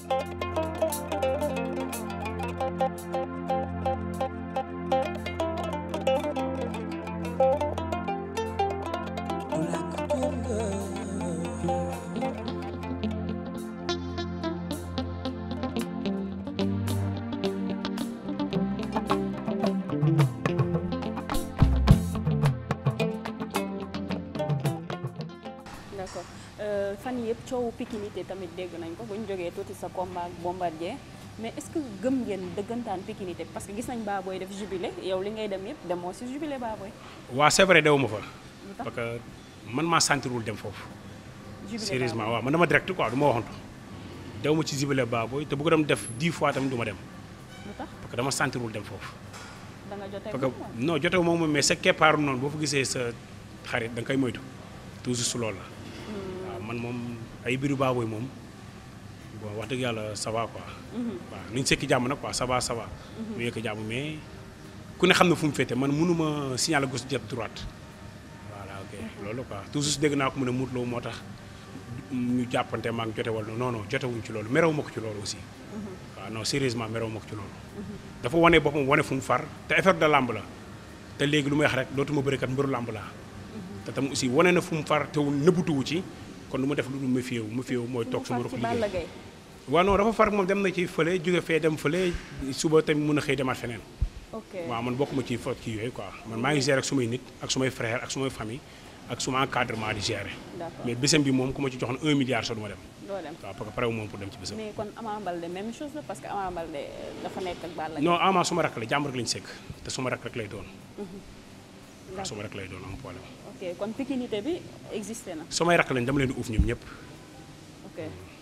Black Timber. d' accord euh, fan yëpp coowu pikinité tamit dégg nañ ko bu ñu jógee tuuti sa combat ak bombardier mais est ce que gëm ngeen dëggantaan pikinité parce que gis nañ Baboy def jubilé yow li ngay dem yëpp demoo si jubilé Baboy. waaw c' est vrai dewuma que man maa sentirul dem foofu. sérieusement waaw man dama direct quoi du ma ci jubilé Baboy te bu ko dem def dix fois tamit du dem. parce que dama sentirul dem foofu. da nga parce que non jotee moom mais sa keppaaru noonu boo fa gisee sa xarit da koy moytu toujours su loolu la. man moom ay biru baabooy moom bon wax dëgg yàlla ça va mhm. nuñ sekki jàmm nag quoi ça va ça mu mhm. yëkk jàmm mais ku ne xam na fu mu féete man mënu ma gos gauche jot droite voilà ok mhm. loolu quoi toujours dégg naa ko mu ne Modou Lo moo tax ñu jàppante maa ngi jote wala non non ci loolu merew ma ko ci loolu aussi. waaw non sérieusement merew ma ko ci loolu. dafa wane boppam wane fu far te affaire de làmb la te léegi lu may wax rek dootuma bëri kat mbiru làmb laa. na fu mu far te nëbbutuwu ci kon lu mu def lu dul méfié wu méfié wu mooy toog sama ruq liggéey waaw non dafa far moom dem na ci fële jóge fee dem fële suba tamit mun a xëy demaat feneen waaw man bokk ma ci fot ci yooyu quoi man maa ngi gérer ak sumay nit ak sumay frère ak sumay famille ak suma encadrement di gérer mais bésam bi moom ku ma ci joxoon 1 milliard sax du ma dem doo dem waaw parce que pare moom pour dem ci bésam kon Ama parce que Ama Baldé euh, dafa nekk ak Balla Ama suma rakk la jàmm rek lañu sekk te suma rakk rek lay doon mhm. ndax su ma rek lay doon am problème. ok kon pikinité bi existé na. samay rakk lañ dama leen di uuf ñoom ñëpp. Hmm.